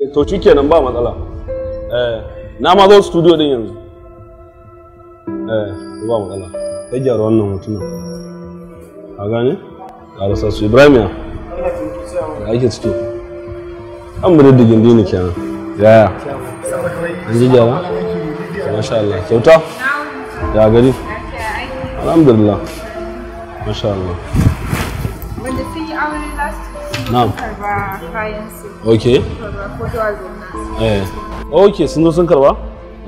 Eh, to kenan ba matsala eh, na ma zo studio din yanzu eh, ba matsala sai gyara wannan hotunan a gane rasa su ibrahim ya ake ciki an bude digin dini kenan Ya. an ji gyara masha Allah kyauta ya gari alhamdulillah masha Allah last na'am karba kayan su okay karba ko zuwa zona eh okay sun zo sun karba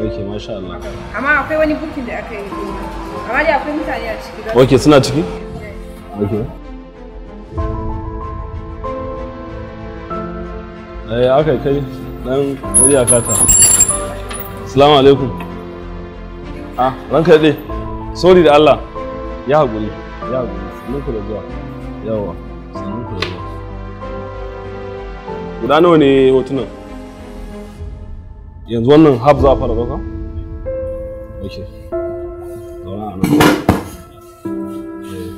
okay masha Allah amma akwai wani booking da aka yi amma dai akwai mutane a ciki okay suna ciki eh. okay eh aka kai dan wariya kata assalamu alaikum ah ranka dai sorry da Allah ya haƙuri ya haƙuri sannan ku da zuwa yawa sannan ku da zuwa guda nawa ne hotunan yanzu wannan hab za fara zaka? ok zaune a nan eh.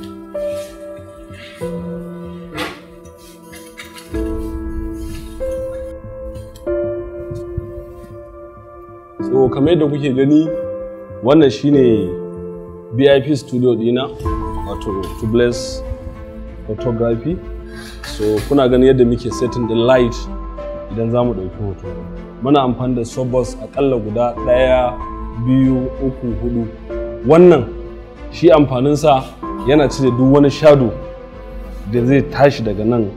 so kamar yadda kuke gani wannan shine bip studio dina wato to bless photography so kuna ganin yadda muke setting the light idan za mu ɗauki hoto muna amfani da sobos akalla guda ɗaya biyu uku hudu wannan shi amfaninsa yana cire duk wani shado da zai tashi daga nan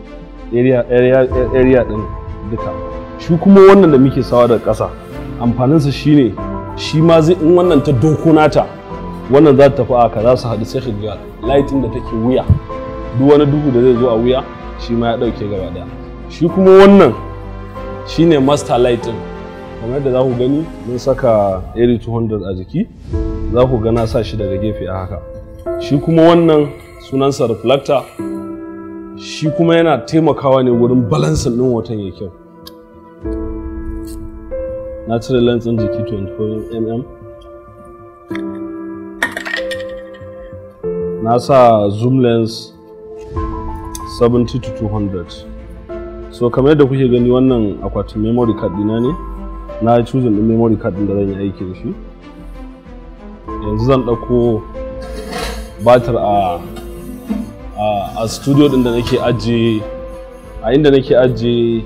area ɗin duka shi kuma wannan da muke sawa daga ƙasa amfaninsa shine shi ma zai in wannan ta doko nata wannan za ta tafi aka za su haɗu sai ga lighting da take wuya duk wani duhu da zai zo a wuya shi ma ya ɗauke gaba daya shi kuma wannan shine master light din kamar yadda za ku gani mun saka eri 200 a jiki za ku gana sa shi daga gefe a haka shi kuma wannan sunansa reflector shi kuma yana taimakawa ne wurin balansin ɗin watan ya kyau na cire lantsin jiki 24 mm na sa zoom lens 70 to 200 so kamar yadda kuke gani wannan akwatin memory card dina ne na cuzin din memory card din da zan yi aiki da shi yanzu zan ɗauko batar a a studio din da nake ajiye a inda nake ajiye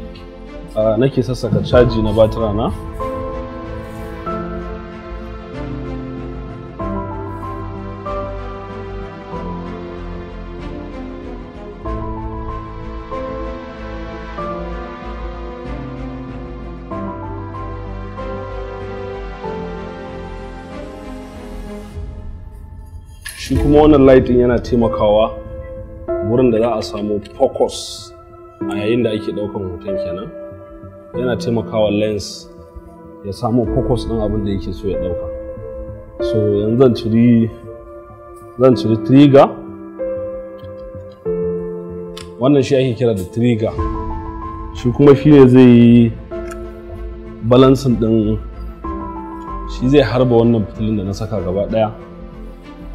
nake sassaka caji na batira na shi kuma wannan lighting yana taimakawa wurin da za a samu focus a yayin da ake ɗaukan hoton kenan yana taimakawa lens ya samu focus ɗin abin da yake so ya ɗauka so yanzu zan ciri zan trigger wannan shi ake kira da trigger shi kuma shi ne zai yi balansin ɗin shi zai harba wannan fitilin da na saka gaba ɗaya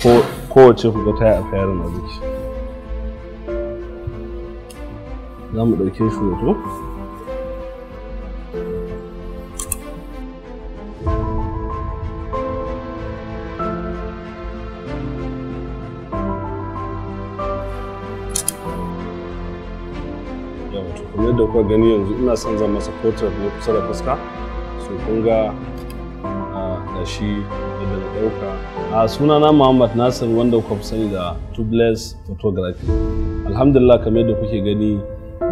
ko kowace ku ga ta yi a fayarin a jiki za mu ɗauke shi hoto yadda kuwa gani yanzu ina son zama masa portrait ne kusa da fuska Sun kun shi daga ɗauka a sunana muhammad nasir wanda ku sani da tubeless photography alhamdulillah kamar yadda kuke gani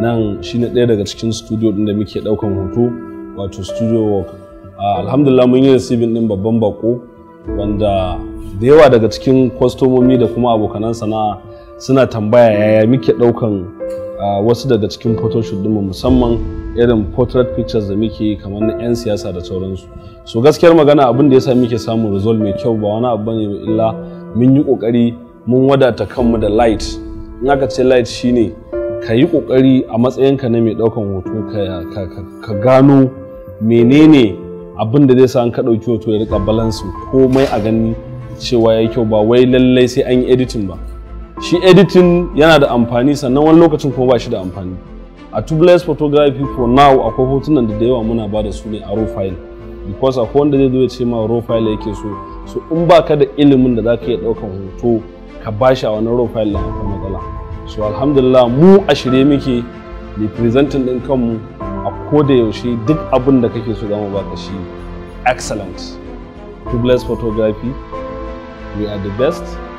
nan shine ɗaya daga cikin studio ɗin da muke ɗaukan hoto wato studio work alhamdulillah mun yi receiving ɗin babban bako wanda da yawa daga cikin kwastomomi da kuma abokanan sana'a suna tambaya yaya muke ɗaukan wasu daga cikin photoshoot duma musamman irin portrait pictures da muke yi kamar na 'yan siyasa da sauransu so gaskiyar magana abin da ya sa muke samun result mai kyau ba wani abu bane illa mun yi kokari mun wadata kanmu da light in aka ce light shine ka yi kokari a matsayinka na mai ɗaukan hoto ka gano menene abin da zai sa an ka ɗauki hoto ya rika balance komai a gani cewa ya kyau ba wai lallai sai an yi editing ba shi editing yana da amfani sannan wani lokacin kuma ba shi da amfani a tubeless photography for now akwai hotunan da da yawa muna ba da su ne a raw file because akwai wanda zai zo ya ce ma raw file yake so so in ba ka da ilimin da za ka iya ɗaukan hoto ka ba shi a wani raw file da haka matsala so alhamdulillah mu a shirye muke ne presenting ɗin kanmu a koda yaushe duk abin da kake so ba ka shi excellent tubeless photography we are the best